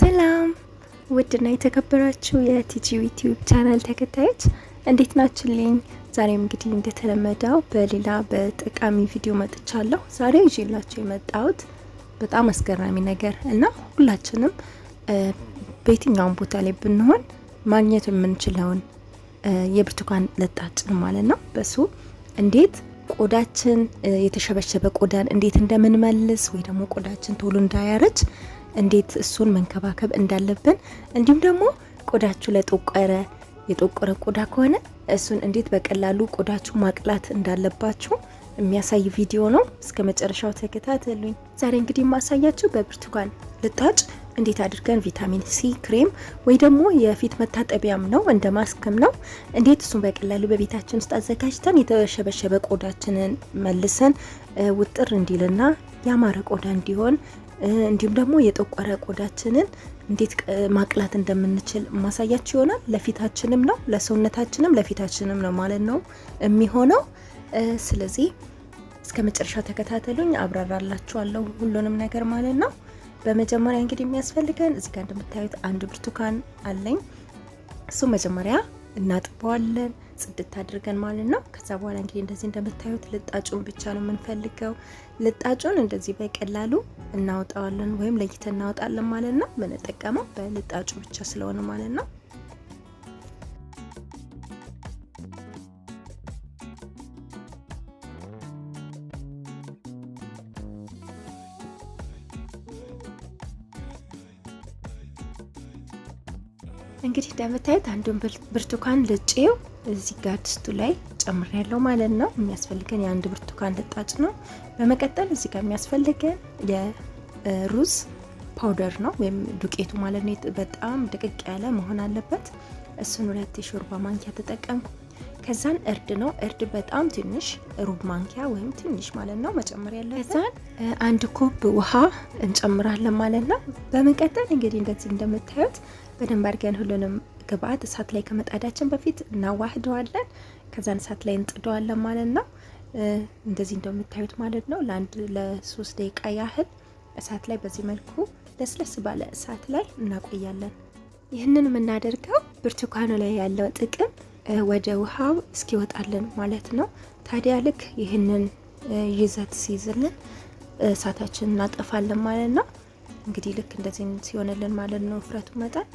ሰላም ውድና የተከበራችሁ የቲጂ ዩቲዩብ ቻናል ተከታዮች እንዴት ናችሁልኝ? ዛሬም እንግዲህ እንደተለመደው በሌላ በጠቃሚ ቪዲዮ መጥቻለሁ። ዛሬ ይዤላችሁ የመጣሁት በጣም አስገራሚ ነገር እና ሁላችንም በየትኛውም ቦታ ላይ ብንሆን ማግኘት የምንችለውን የብርቱካን ለጣጭን ማለት ነው በሱ እንዴት ቆዳችን የተሸበሸበ ቆዳን እንዴት እንደምንመልስ ወይ ደግሞ ቆዳችን ቶሎ እንዳያረጅ እንዴት እሱን መንከባከብ እንዳለብን እንዲሁም ደግሞ ቆዳችሁ ለጠቆረ የጠቆረ ቆዳ ከሆነ እሱን እንዴት በቀላሉ ቆዳችሁ ማቅላት እንዳለባችሁ የሚያሳይ ቪዲዮ ነው። እስከ መጨረሻው ተከታተሉኝ። ዛሬ እንግዲህ የማሳያችሁ በብርቱካን ልጣጭ እንዴት አድርገን ቪታሚን ሲ ክሬም ወይ ደግሞ የፊት መታጠቢያም ነው እንደ ማስክም ነው እንዴት እሱን በቀላሉ በቤታችን ውስጥ አዘጋጅተን የተሸበሸበ ቆዳችንን መልሰን ውጥር እንዲልና ያማረ ቆዳ እንዲሆን እንዲሁም ደግሞ የጠቆረ ቆዳችንን እንዴት ማቅላት እንደምንችል ማሳያችሁ ይሆናል። ለፊታችንም ነው ለሰውነታችንም ለፊታችንም ነው ማለት ነው የሚሆነው። ስለዚህ እስከ መጨረሻ ተከታተሉኝ፣ አብራራላችኋለሁ ሁሉንም ነገር ማለት ነው። በመጀመሪያ እንግዲህ የሚያስፈልገን እዚህ ጋር እንደምታዩት አንድ ብርቱካን አለኝ። እሱ መጀመሪያ እናጥበዋለን ጽድት አድርገን ማለት ነው። ከዛ በኋላ እንግዲህ እንደዚህ እንደምታዩት ልጣጩን ብቻ ነው የምንፈልገው። ልጣጩን እንደዚህ በቀላሉ እናወጣዋለን ወይም ለይተን እናወጣለን ማለት ነው። ምንጠቀመው በልጣጩ ብቻ ስለሆነ ማለት ነው። እንግዲህ እንደምታዩት አንዱን ብርቱካን ልጬው እዚህ ጋር ድስቱ ላይ ጨምሬያለሁ ማለት ነው። የሚያስፈልገን የአንድ ብርቱካን ልጣጭ ነው። በመቀጠል እዚህ ጋር የሚያስፈልገን የሩዝ ፓውደር ነው ወይም ዱቄቱ ማለት ነው። በጣም ድቅቅ ያለ መሆን አለበት። እሱን ሁለት የሾርባ ማንኪያ ተጠቀምኩ። ከዛን እርድ ነው። እርድ በጣም ትንሽ ሩብ ማንኪያ ወይም ትንሽ ማለት ነው መጨመር ያለ። ከዛን አንድ ኮብ ውሃ እንጨምራለን ማለት ነው። በመቀጠል እንግዲህ እንደዚህ እንደምታዩት በደንብ አድርገን ሁሉንም ግብአት እሳት ላይ ከመጣዳችን በፊት እናዋህደዋለን። ከዛን እሳት ላይ እንጥደዋለን ማለት ነው። እንደዚህ እንደምታዩት ማለት ነው። ለአንድ ለሶስት ደቂቃ ያህል እሳት ላይ በዚህ መልኩ ለስለስ ባለ እሳት ላይ እናቆያለን። ይህንን የምናደርገው ብርቱካኑ ላይ ያለው ጥቅም ወደ ውሃው እስኪወጣልን ማለት ነው። ታዲያ ልክ ይህንን ይዘት ሲይዝልን እሳታችን እናጠፋለን ማለት ነው። እንግዲህ ልክ እንደዚህ ሲሆንልን ማለት ነው ውፍረቱ መጠን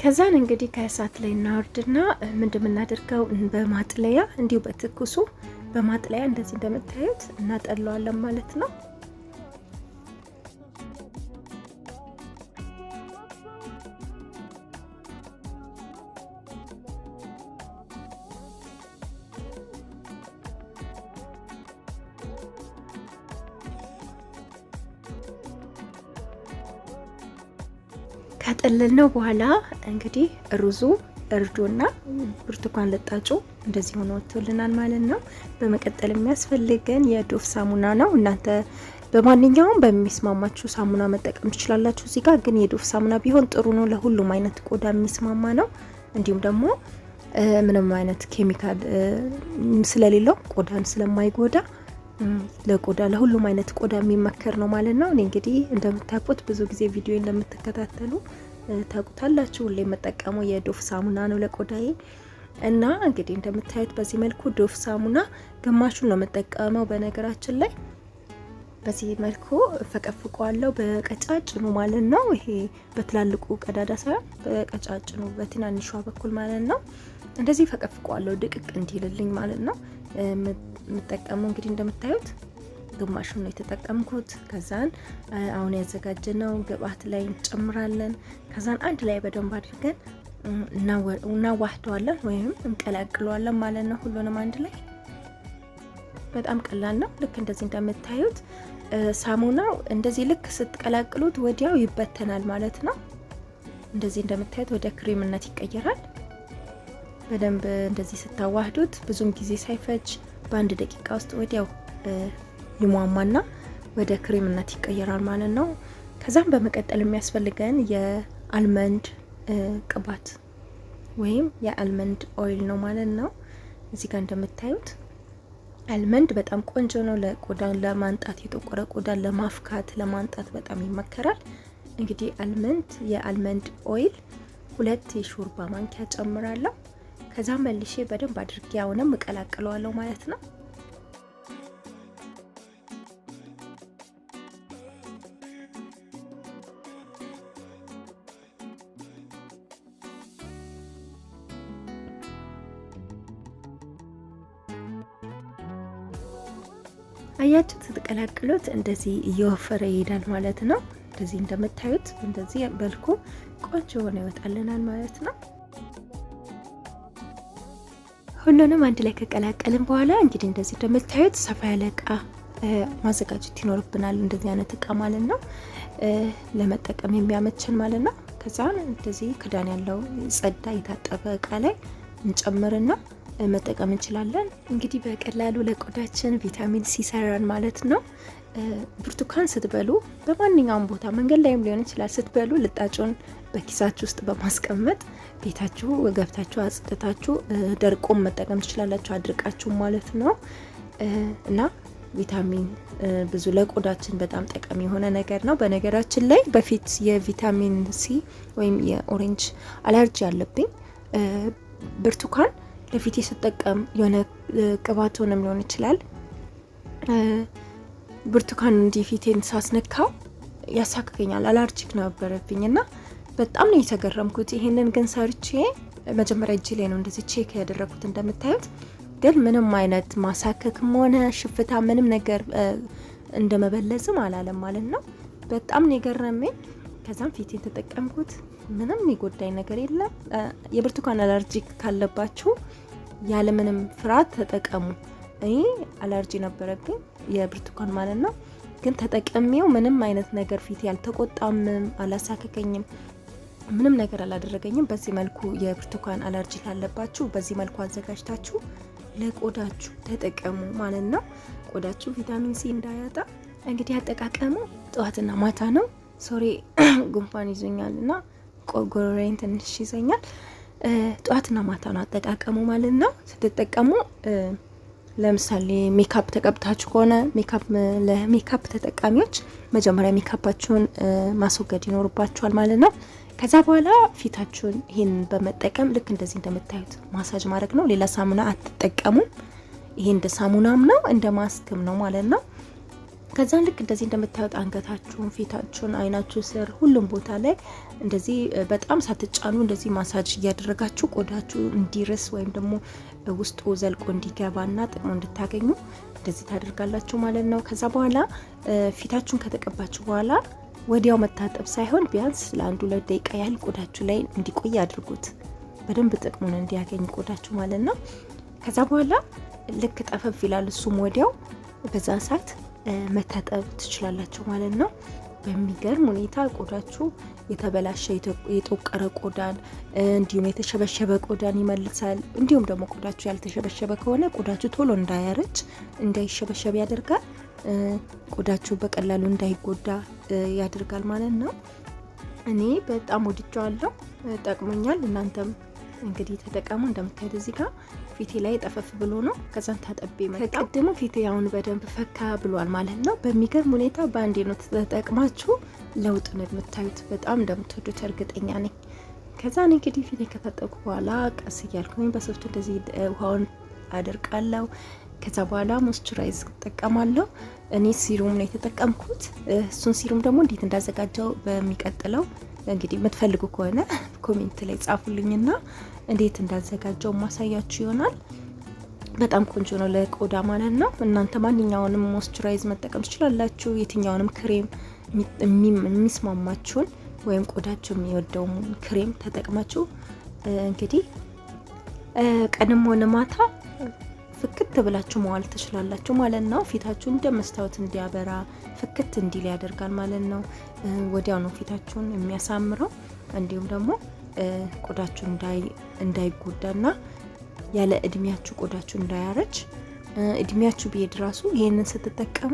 ከዛን እንግዲህ ከእሳት ላይ እናወርድና ምንድ የምናደርገው በማጥለያ እንዲሁ በትኩሱ በማጥለያ እንደዚህ እንደምታዩት እናጠለዋለን ማለት ነው። ካጠለልነው በኋላ እንግዲህ ሩዙ እርዶና ብርቱካን ልጣጩ እንደዚህ ሆኖ ወጥቶልናል ማለት ነው። በመቀጠል የሚያስፈልገን የዶፍ ሳሙና ነው። እናንተ በማንኛውም በሚስማማችሁ ሳሙና መጠቀም ትችላላችሁ። እዚህ ጋር ግን የዶፍ ሳሙና ቢሆን ጥሩ ነው፣ ለሁሉም አይነት ቆዳ የሚስማማ ነው። እንዲሁም ደግሞ ምንም አይነት ኬሚካል ስለሌለው ቆዳን ስለማይጎዳ ለቆዳ ለሁሉም አይነት ቆዳ የሚመከር ነው ማለት ነው። እኔ እንግዲህ እንደምታውቁት ብዙ ጊዜ ቪዲዮ እንደምትከታተሉ ታውቁታላችሁ። ሁሌ የምጠቀመው የዶፍ ሳሙና ነው ለቆዳዬ እና እንግዲህ እንደምታዩት በዚህ መልኩ ዶፍ ሳሙና ግማሹን ነው የምጠቀመው። በነገራችን ላይ በዚህ መልኩ ፈቀፍቀዋለሁ በቀጫጭኑ ማለት ነው። ይሄ በትላልቁ ቀዳዳ ሳይሆን በቀጫጭኑ በትናንሿ በኩል ማለት ነው። እንደዚህ ፈቀፍቀዋለሁ ድቅቅ እንዲልልኝ ማለት ነው። የምጠቀመው እንግዲህ እንደምታዩት ግማሹን ነው የተጠቀምኩት። ከዛን አሁን ያዘጋጀነው ግብአት ላይ እንጨምራለን። ከዛን አንድ ላይ በደንብ አድርገን እናዋህደዋለን ወይም እንቀላቅለዋለን ማለት ነው። ሁሉንም አንድ ላይ በጣም ቀላል ነው። ልክ እንደዚህ እንደምታዩት ሳሙናው እንደዚህ ልክ ስትቀላቅሉት ወዲያው ይበተናል ማለት ነው። እንደዚህ እንደምታዩት ወደ ክሬምነት ይቀየራል። በደንብ እንደዚህ ስታዋህዱት ብዙም ጊዜ ሳይፈጅ በአንድ ደቂቃ ውስጥ ወዲያው ይሟሟና ወደ ክሬምነት ይቀየራል ማለት ነው። ከዛም በመቀጠል የሚያስፈልገን የአልመንድ ቅባት ወይም የአልመንድ ኦይል ነው ማለት ነው። እዚህ ጋር እንደምታዩት አልመንድ በጣም ቆንጆ ነው ለቆዳን ለማንጣት የጠቆረ ቆዳን ለማፍካት ለማንጣት በጣም ይመከራል። እንግዲህ አልመንድ የአልመንድ ኦይል ሁለት የሾርባ ማንኪያ ጨምራለሁ። ከዛ መልሼ በደንብ አድርጌ አሁንም እቀላቅለዋለሁ ማለት ነው። አያችሁ ስትቀላቅሉት እንደዚህ እየወፈረ ይሄዳል ማለት ነው። እንደዚህ እንደምታዩት እንደዚህ በልኩ ቆንጆ ሆነ ይወጣልናል ማለት ነው። ሁሉንም አንድ ላይ ከቀላቀልን በኋላ እንግዲህ እንደዚህ እንደምታዩት ሰፋ ያለ እቃ ማዘጋጀት ይኖርብናል። እንደዚህ አይነት እቃ ማለት ነው፣ ለመጠቀም የሚያመችን ማለት ነው። ከዛ እንደዚህ ክዳን ያለው ጸዳ የታጠበ እቃ ላይ እንጨምርና መጠቀም እንችላለን። እንግዲህ በቀላሉ ለቆዳችን ቪታሚን ሲ ሰራን ማለት ነው። ብርቱካን ስትበሉ በማንኛውም ቦታ መንገድ ላይም ሊሆን ይችላል ስትበሉ ልጣጩን በኪሳችሁ ውስጥ በማስቀመጥ ቤታችሁ ገብታችሁ አጽድታችሁ ደርቆም መጠቀም ትችላላችሁ፣ አድርቃችሁ ማለት ነው እና ቪታሚን ብዙ ለቆዳችን በጣም ጠቃሚ የሆነ ነገር ነው። በነገራችን ላይ በፊት የቪታሚን ሲ ወይም የኦሬንጅ አለርጂ አለብኝ። ብርቱካን ለፊቴ ስጠቀም የሆነ ቅባት ሆነም ሊሆን ይችላል ብርቱካን እንዲህ ፊቴን ሳስነካው ያሳክከኛል። አላርጂክ ነበረብኝ እና በጣም ነው የተገረምኩት። ይሄንን ግን ሰርቼ መጀመሪያ እጅ ላይ ነው እንደዚህ ቼክ ያደረግኩት እንደምታዩት ግን ምንም አይነት ማሳከክም ሆነ ሽፍታ ምንም ነገር እንደመበለዝም አላለም ማለት ነው። በጣም ነው የገረመኝ። ከዛም ፊቴን ተጠቀምኩት። ምንም የሚጎዳኝ ነገር የለም። የብርቱካን አለርጂክ ካለባችሁ ያለምንም ፍርሃት ተጠቀሙ። እኔ አለርጂ ነበረብኝ የብርቱካን ማለት ነው። ግን ተጠቀሜው ምንም አይነት ነገር ፊት ያልተቆጣምም፣ አላሳከከኝም፣ ምንም ነገር አላደረገኝም። በዚህ መልኩ የብርቱካን አለርጂ ካለባችሁ በዚህ መልኩ አዘጋጅታችሁ ለቆዳችሁ ተጠቀሙ ማለት ነው። ቆዳችሁ ቪታሚን ሲ እንዳያጣ እንግዲህ አጠቃቀሙ ጠዋትና ማታ ነው። ሶሪ ጉንፋን ይዞኛል እና ጎሮሬን ትንሽ ይዘኛል። ጠዋትና ማታ ነው አጠቃቀሙ ማለት ነው። ስትጠቀሙ ለምሳሌ ሜካፕ ተቀብታችሁ ከሆነ ለሜካፕ ተጠቃሚዎች መጀመሪያ ሜካፓችሁን ማስወገድ ይኖርባችኋል ማለት ነው። ከዛ በኋላ ፊታችሁን ይህን በመጠቀም ልክ እንደዚህ እንደምታዩት ማሳጅ ማድረግ ነው። ሌላ ሳሙና አትጠቀሙም። ይሄ እንደ ሳሙናም ነው እንደ ማስክም ነው ማለት ነው። ከዛን ልክ እንደዚህ እንደምታዩት አንገታችሁን፣ ፊታችሁን፣ አይናችሁ ስር ሁሉም ቦታ ላይ እንደዚህ በጣም ሳትጫኑ እንደዚህ ማሳጅ እያደረጋችሁ ቆዳችሁ እንዲርስ ወይም ደግሞ ውስጡ ዘልቆ እንዲገባና ጥቅሙ እንድታገኙ እንደዚህ ታደርጋላችሁ ማለት ነው። ከዛ በኋላ ፊታችሁን ከተቀባችሁ በኋላ ወዲያው መታጠብ ሳይሆን ቢያንስ ለአንድ ሁለት ደቂቃ ያህል ቆዳችሁ ላይ እንዲቆይ አድርጉት። በደንብ ጥቅሙን እንዲያገኝ ቆዳችሁ ማለት ነው። ከዛ በኋላ ልክ ጠፈፍ ይላል እሱም ወዲያው በዛ ሰዓት መታጠብ ትችላላችሁ ማለት ነው። በሚገርም ሁኔታ ቆዳችሁ የተበላሸ የጠቆረ ቆዳን እንዲሁም የተሸበሸበ ቆዳን ይመልሳል። እንዲሁም ደግሞ ቆዳችሁ ያልተሸበሸበ ከሆነ ቆዳችሁ ቶሎ እንዳያረጅ እንዳይሸበሸብ ያደርጋል። ቆዳችሁ በቀላሉ እንዳይጎዳ ያደርጋል ማለት ነው። እኔ በጣም ወድጀዋለሁ፣ ጠቅሞኛል። እናንተም እንግዲህ ተጠቀሙ። እንደምታዩት እዚህ ጋር ፊቴ ላይ ጠፈፍ ብሎ ነው። ከዛን ታጠቤ ከቀድሞ ፊቴ አሁን በደንብ ፈካ ብሏል ማለት ነው። በሚገርም ሁኔታ በአንዴ ነው ተጠቅማችሁ ለውጥ ነው የምታዩት። በጣም እንደምትወዱት እርግጠኛ ነኝ። ከዛን እንግዲህ ፊቴ ከታጠቁ በኋላ ቀስ እያልኩኝ በሶፍት እንደዚህ ውሃውን አደርቃለሁ። ከዛ በኋላ ሞስቸራይዝ እጠቀማለሁ። እኔ ሲሩም ነው የተጠቀምኩት። እሱን ሲሩም ደግሞ እንዴት እንዳዘጋጀው በሚቀጥለው እንግዲህ የምትፈልጉ ከሆነ ኮሜንት ላይ ጻፉልኝና እንዴት እንዳዘጋጀው ማሳያችሁ ይሆናል። በጣም ቆንጆ ነው ለቆዳ ማለት ነው። እናንተ ማንኛውንም ሞስቸራይዝ መጠቀም ትችላላችሁ። የትኛውንም ክሬም የሚስማማችሁን ወይም ቆዳችሁ የሚወደውን ክሬም ተጠቅማችሁ እንግዲህ ቀንም ሆነ ማታ ፍክት ብላችሁ መዋል ትችላላችሁ ማለት ነው። ፊታችሁ እንደ መስታወት እንዲያበራ ፍክት እንዲል ያደርጋል ማለት ነው። ወዲያው ነው ፊታችሁን የሚያሳምረው። እንዲሁም ደግሞ ቆዳችሁ እንዳይጎዳና ያለ እድሜያችሁ ቆዳችሁ እንዳያረጅ እድሜያችሁ ቢሄድ ራሱ ይህንን ስትጠቀሙ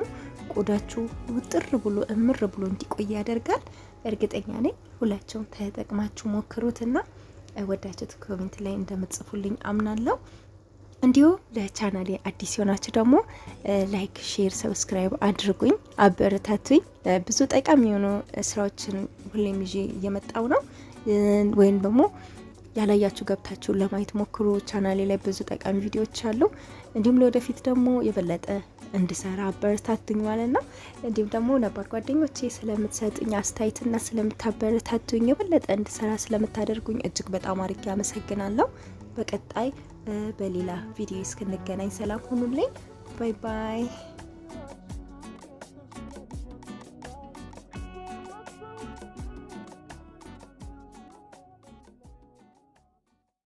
ቆዳችሁ ውጥር ብሎ እምር ብሎ እንዲቆይ ያደርጋል። እርግጠኛ ነኝ ሁላቸውም ተጠቅማችሁ ሞክሩትና ወዳችሁት ኮሜንት ላይ እንደምትጽፉልኝ አምናለሁ። እንዲሁም ለቻናሌ አዲስ የሆናችሁ ደግሞ ላይክ፣ ሼር፣ ሰብስክራይብ አድርጉኝ፣ አበረታቱኝ። ብዙ ጠቃሚ የሆኑ ስራዎችን ሁሌም ይዤ እየመጣው ነው። ወይም ደግሞ ያላያችሁ ገብታችሁ ለማየት ሞክሩ። ቻናሌ ላይ ብዙ ጠቃሚ ቪዲዮዎች አሉ። እንዲሁም ለወደፊት ደግሞ የበለጠ እንድሰራ አበረታቱኝ ማለት ነው። እንዲሁም ደግሞ ነባር ጓደኞቼ ስለምትሰጡኝ አስተያየትና ስለምታበረታቱኝ የበለጠ እንድሰራ ስለምታደርጉኝ እጅግ በጣም አድርጌ አመሰግናለሁ። በቀጣይ በሌላ ቪዲዮ እስክንገናኝ ሰላም ሁኑልኝ። ባይ ባይ።